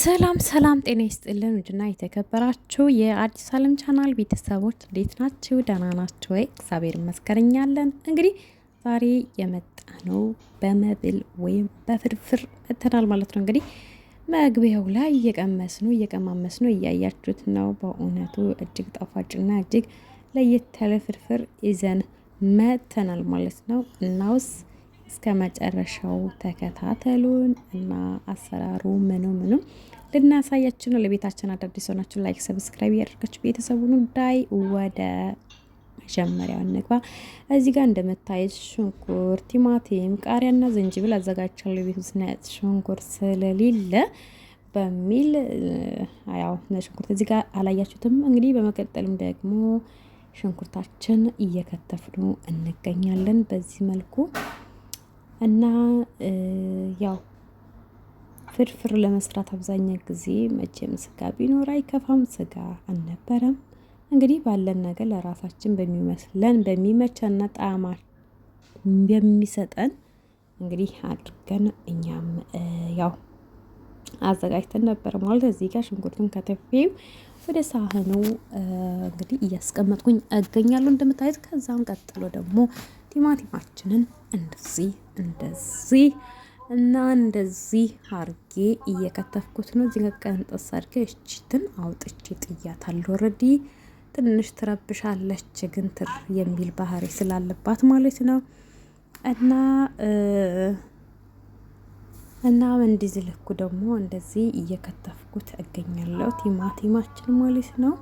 ሰላም ሰላም፣ ጤና ይስጥልን ውድና የተከበራችሁ የአዲስ ዓለም ቻናል ቤተሰቦች እንዴት ናችሁ? ደህና ናችሁ ወይ? እግዚአብሔር መስከረኛለን። እንግዲህ ዛሬ የመጣ ነው በመብል ወይም በፍርፍር መተናል ማለት ነው። እንግዲህ መግቢያው ላይ እየቀመስኑ እየቀማመስኑ እያያችሁት ነው። በእውነቱ እጅግ ጣፋጭና እጅግ ለየት ያለ ፍርፍር ይዘን መተናል ማለት ነው እናውስ እስከ መጨረሻው ተከታተሉን እና አሰራሩ ምኑ ምኑ ልናሳያችሁ ነው። ለቤታችን አዳዲስ ሆናችሁ ላይክ፣ ሰብስክራይብ ያደርጋችሁ ቤተሰቡን ዳይ ወደ መጀመሪያው እንግባ። እዚህ ጋር እንደምታየት ሽንኩርት፣ ቲማቲም፣ ቃሪያና ዝንጅብል አዘጋጅቻለሁ። ቤት ውስጥ ነጭ ሽንኩርት ስለሌለ በሚል ያው ሽንኩርት እዚህ ጋር አላያችሁትም። እንግዲህ በመቀጠልም ደግሞ ሽንኩርታችን እየከተፍኑ እንገኛለን በዚህ መልኩ እና ያው ፍርፍር ለመስራት አብዛኛው ጊዜ መቼም ስጋ ቢኖር አይከፋም። ስጋ አልነበረም እንግዲህ ባለን ነገር ለራሳችን በሚመስለን በሚመቸና ጣማ በሚሰጠን እንግዲህ አድርገን እኛም ያው አዘጋጅተን ነበር ማለት። እዚህ ጋር ሽንኩርቱን ከተፌው ወደ ሳህኑ እንግዲህ እያስቀመጥኩኝ እገኛለሁ እንደምታዩት። ከዛም ቀጥሎ ደግሞ ቲማቲማችንን እንደዚህ እንደዚህ እና እንደዚህ አርጌ እየከተፍኩት ነው። እዚህ ቀንጠስ አድርጌ እችትን አውጥቼ ጥያታለሁ። ኦልሬዲ ትንሽ ትረብሻለች፣ ግን ትር የሚል ባህሪ ስላለባት ማለት ነው እና እና እንዲህ ዝልኩ ደግሞ እንደዚህ እየከተፍኩት እገኛለሁ ቲማቲማችን ማለት ነው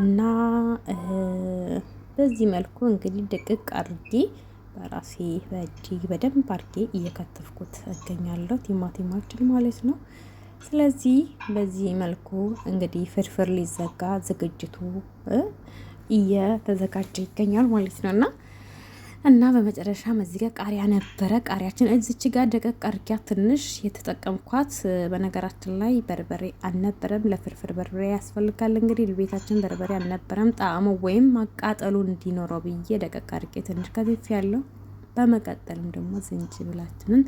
እና በዚህ መልኩ እንግዲህ ድቅቅ አድርጌ በራሴ በእጅግ በደንብ አድርጌ እየከተፍኩት እገኛለሁ ቲማቲማችን ማለት ነው። ስለዚህ በዚህ መልኩ እንግዲህ ፍርፍር ሊዘጋ ዝግጅቱ እየተዘጋጀ ይገኛል ማለት ነው እና እና በመጨረሻ እዚህ ጋር ቃሪያ ነበረ። ቃሪያችን እዚች ጋር ደቀቅ አድርጊያ ትንሽ የተጠቀምኳት። በነገራችን ላይ በርበሬ አልነበረም። ለፍርፍር በርበሬ ያስፈልጋል። እንግዲህ ቤታችን በርበሬ አልነበረም። ጣዕሙ ወይም አቃጠሉ እንዲኖረው ብዬ ደቀቅ አድርጌ ትንሽ ከፊፍ ያለው በመቀጠልም ደግሞ ዝንጅብላችንን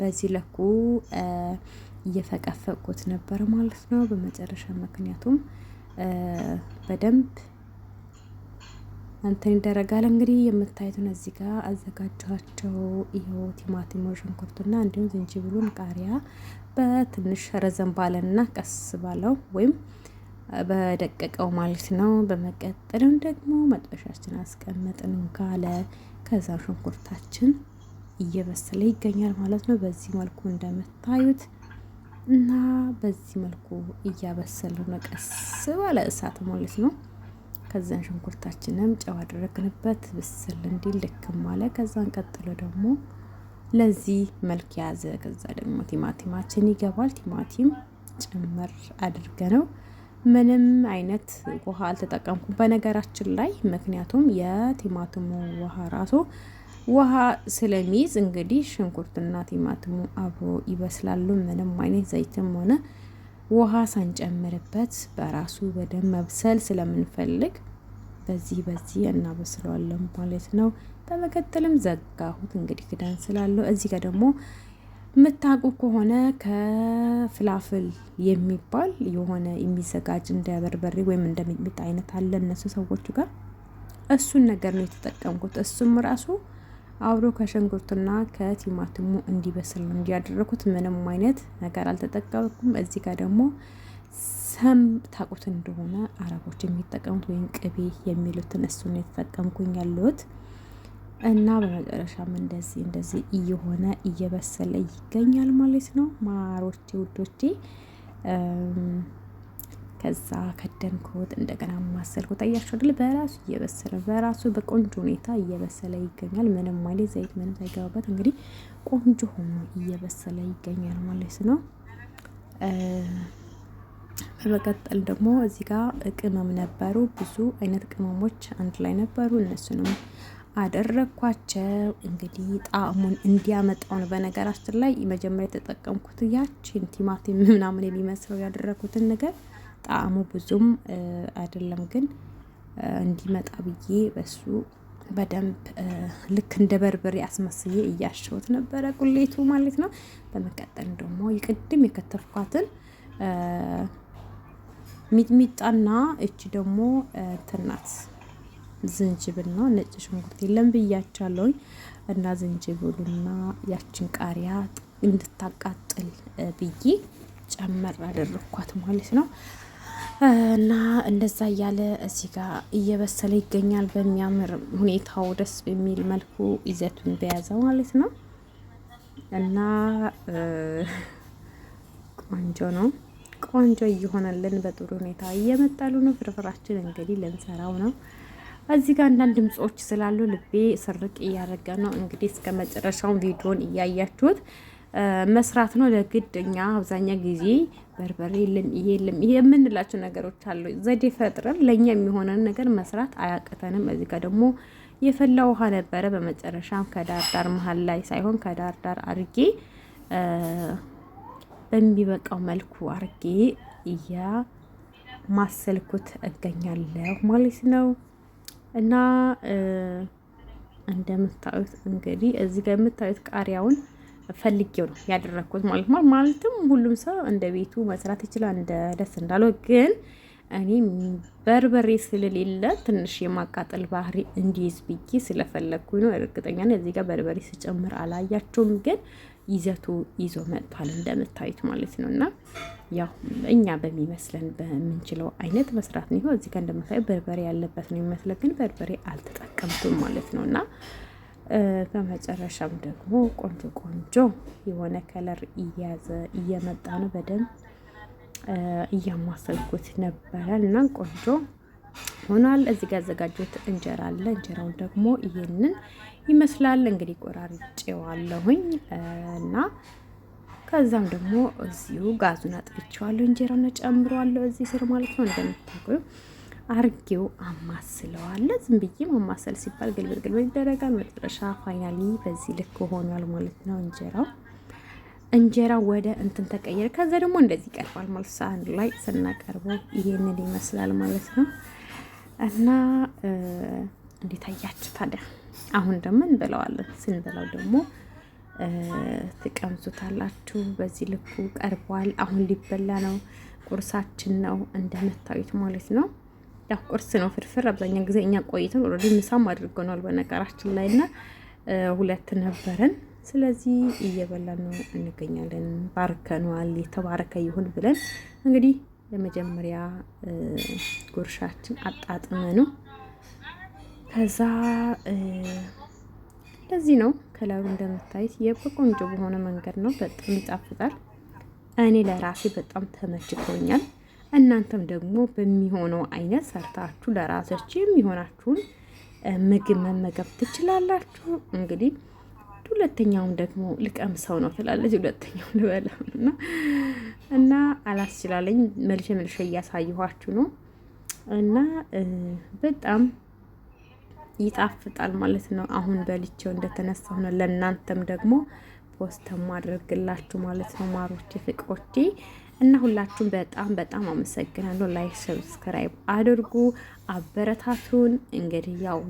በዚህ ለኩ እየፈቀፈቁት ነበር ማለት ነው። በመጨረሻ ምክንያቱም በደንብ እንትን ይደረጋል። እንግዲህ የምታዩትን እዚህ ጋር አዘጋጃቸው። ይኸው ቲማቲሞ፣ ሽንኩርቱና እንዲሁም ዝንጅብሉን ቃሪያ በትንሽ ረዘም ባለና ቀስ ባለው ወይም በደቀቀው ማለት ነው። በመቀጠልም ደግሞ መጥበሻችን አስቀመጥን ካለ ከዛ ሽንኩርታችን እየበሰለ ይገኛል ማለት ነው። በዚህ መልኩ እንደምታዩት እና በዚህ መልኩ እያበሰለ ነው፣ ቀስ ባለ እሳት ማለት ነው። ከዛን ሽንኩርታችንም ጨው አደረግንበት ብስል እንዲል ልክም አለ። ከዛን ቀጥሎ ደግሞ ለዚህ መልክ የያዘ ከዛ ደግሞ ቲማቲማችን ይገባል። ቲማቲም ጭምር አድርገ ነው ምንም አይነት ውሃ አልተጠቀምኩም በነገራችን ላይ ምክንያቱም የቲማቲሙ ውሃ ራሱ ውሃ ስለሚይዝ እንግዲህ ሽንኩርትና ቲማቲሙ አብሮ ይበስላሉ። ምንም አይነት ዘይትም ሆነ ውሃ ሳንጨምርበት በራሱ በደንብ መብሰል ስለምንፈልግ በዚህ በዚህ እናበስለዋለን ማለት ነው። በመቀጠልም ዘጋሁት እንግዲህ ክዳን ስላለው። እዚህ ጋር ደግሞ የምታውቁ ከሆነ ከፍላፍል የሚባል የሆነ የሚዘጋጅ እንደ በርበሬ ወይም እንደ ሚጥሚጣ አይነት አለ እነሱ ሰዎቹ ጋር እሱን ነገር ነው የተጠቀምኩት። እሱም ራሱ አብሮ ከሽንኩርቱና ከቲማቲሙ እንዲበስል ነው እንዲያደረኩት። ምንም አይነት ነገር አልተጠቀምኩም። እዚህ ጋር ደግሞ ሰም ታቁት እንደሆነ አረቦች የሚጠቀሙት ወይም ቅቤ የሚሉትን እሱን የተጠቀምኩኝ ያለሁት እና በመጨረሻም እንደዚህ እንደዚህ እየሆነ እየበሰለ ይገኛል ማለት ነው። ማሮቼ ውዶቼ ከዛ ከደንኩት እንደገና ማሰልኩት። አያችሁ አይደል? በራሱ እየበሰለ በራሱ በቆንጆ ሁኔታ እየበሰለ ይገኛል። ምንም ማለት ዘይት ምንም ሳይገባበት እንግዲህ ቆንጆ ሆኖ እየበሰለ ይገኛል ማለት ነው። በመቀጠል ደግሞ እዚህ ጋር ቅመም ነበሩ። ብዙ አይነት ቅመሞች አንድ ላይ ነበሩ። እነሱንም አደረግኳቸው እንግዲህ ጣዕሙን እንዲያመጣው ነው። በነገራችን ላይ መጀመሪያ የተጠቀምኩት ያችን ቲማቲም ምናምን የሚመስለው ያደረግኩትን ነገር ጣዕሙ ብዙም አይደለም፣ ግን እንዲመጣ ብዬ በሱ በደንብ ልክ እንደ በርበሬ አስመስዬ እያሸሁት ነበረ፣ ቁሌቱ ማለት ነው። በመቀጠል ደግሞ የቅድም የከተፍኳትን ሚጥሚጣና እቺ ደግሞ ትናት ዝንጅብል ነው፣ ነጭ ሽንኩርት የለም ብያቻለሁኝ እና ዝንጅብሉና ያችን ቃሪያ እንድታቃጥል ብዬ ጨመር አደረኳት ማለት ነው። እና እንደዛ እያለ እዚህ ጋ እየበሰለ ይገኛል። በሚያምር ሁኔታው ደስ በሚል መልኩ ይዘቱን በያዘ ማለት ነው። እና ቆንጆ ነው፣ ቆንጆ እየሆነልን በጥሩ ሁኔታ እየመጣሉ ነው። ፍርፍራችን እንግዲህ ልንሰራው ነው። እዚህ ጋር አንዳንድ ድምፆች ስላሉ ልቤ ስርቅ እያደረገ ነው። እንግዲህ እስከ መጨረሻውን ቪዲዮን እያያችሁት መስራት ነው። ለግድ እኛ አብዛኛ ጊዜ በርበሬ የለም ይሄ የለም ይሄ የምንላቸው ነገሮች አሉ። ዘዴ ፈጥረን ለእኛ የሚሆነን ነገር መስራት አያቅተንም። እዚህ ጋር ደግሞ የፈላ ውሃ ነበረ። በመጨረሻም ከዳር ዳር መሀል ላይ ሳይሆን ከዳር ዳር አርጌ በሚበቃው መልኩ አርጌ እያ ማሰልኩት እገኛለሁ ማለት ነው እና እንደምታዩት እንግዲህ እዚህ ጋር የምታዩት ቃሪያውን ፈልጌው ነው ያደረግኩት ማለት ነው። ማለትም ሁሉም ሰው እንደ ቤቱ መስራት ይችላል፣ እንደ ደስ እንዳለው ግን እኔ በርበሬ ስለሌለ ትንሽ የማቃጠል ባህሪ እንዲይዝ ብዬ ስለፈለግኩ ነው። እርግጠኛ ነኝ እዚህ ጋር በርበሬ ስጨምር አላያቸውም፣ ግን ይዘቱ ይዞ መጥቷል እንደምታዩት ማለት ነው። እና ያው እኛ በሚመስለን በምንችለው አይነት መስራት ነው። እዚህ ጋር እንደምታዩ በርበሬ ያለበት ነው የሚመስለው፣ ግን በርበሬ አልተጠቀምኩም ማለት ነው እና በመጨረሻም ደግሞ ቆንጆ ቆንጆ የሆነ ከለር እያዘ እየመጣ ነው። በደንብ እያማሰልኩት ነበረ እና ቆንጆ ሆኗል። እዚህ ጋር ያዘጋጀሁት እንጀራ አለ። እንጀራውን ደግሞ ይህንን ይመስላል እንግዲህ ቆራርጬዋለሁኝ እና ከዛም ደግሞ እዚሁ ጋዙን አጥፍቼዋለሁ። እንጀራውን ጨምሯለሁ እዚህ ስር ማለት ነው እንደምታውቁ አርጌው አማስለዋለሁ። ዝም ብዬ ማማሰል ሲባል ግልበል ግልበል ይደረጋል። መጨረሻ ፋይናሊ በዚህ ልክ ሆኗል ማለት ነው። እንጀራው እንጀራው ወደ እንትን ተቀየረ። ከዛ ደግሞ እንደዚህ ይቀርባል ማለት ሳህን ላይ ስናቀርበው ይሄንን ይመስላል ማለት ነው። እና እንዴት አያችሁ ታዲያ? አሁን ደግሞ እንበላዋለን። ስንበላው ደግሞ ትቀምሱታላችሁ። በዚህ ልኩ ቀርቧል። አሁን ሊበላ ነው። ቁርሳችን ነው እንደምታዩት ማለት ነው። ያው ቁርስ ነው ፍርፍር። አብዛኛው ጊዜ እኛ ቆይተን ኦልሬዲ ምሳም አድርገናል በነገራችን ላይ እና ሁለት ነበረን። ስለዚህ እየበላን ነው እንገኛለን። ባርከነዋል። የተባረከ ይሁን ብለን እንግዲህ የመጀመሪያ ጉርሻችን አጣጥመ ነው። ከዛ እንደዚህ ነው ከላዩ እንደምታዩት የበቆንጆ በሆነ መንገድ ነው። በጣም ይጣፍጣል። እኔ ለራሴ በጣም ተመችቶኛል። እናንተም ደግሞ በሚሆነው አይነት ሰርታችሁ ለራሳችሁ የሚሆናችሁን ምግብ መመገብ ትችላላችሁ። እንግዲህ ሁለተኛውም ደግሞ ልቀምሰው ነው ትላለች። ሁለተኛው ልበላው እና እና አላስችላለኝ መልሼ መልሼ እያሳየኋችሁ ነው እና በጣም ይጣፍጣል ማለት ነው። አሁን በልቼው እንደተነሳሁ ነው። ለእናንተም ደግሞ ፖስት ማድረግላችሁ ማለት ነው። ማሮቼ ፍቅሮቼ እና ሁላችሁም በጣም በጣም አመሰግናለሁ። ላይክ ሰብስክራይብ አድርጉ፣ አበረታቱን እንግዲህ ያው